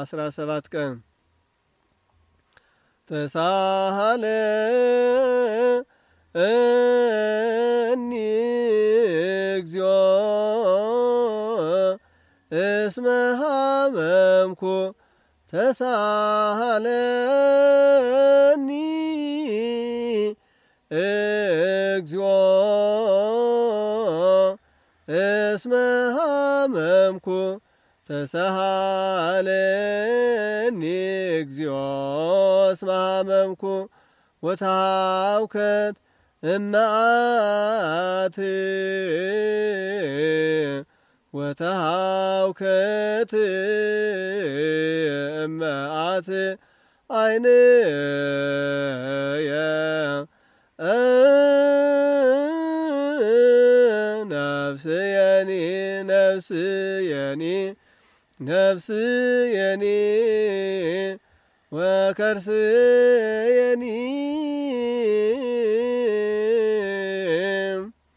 አስራ ሰባት ቀን ተሳሃለ እኒ እግዚኦ እስመ ሃመምኩ ተሳሃለኒ እግዚኦ እስመ ሃመምኩ ተሰሃለኒ እግዚኦ እስመ ሃመምኩ ወተሃውከት እመዓት ወተሃውከት እመዓት ዓይንየ ነፍስየኒ ነፍስየኒ نفسيني وكرسيني